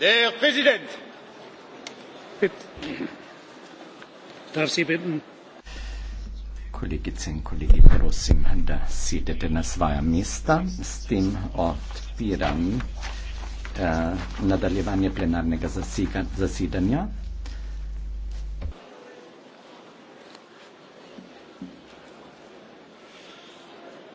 herr präsident! darf ich sie bitten kolegice in kolegi prosim da sedete na svoja mesta s tem odpiram eh, nadaljevanje plenarnega zasega, zasedanja.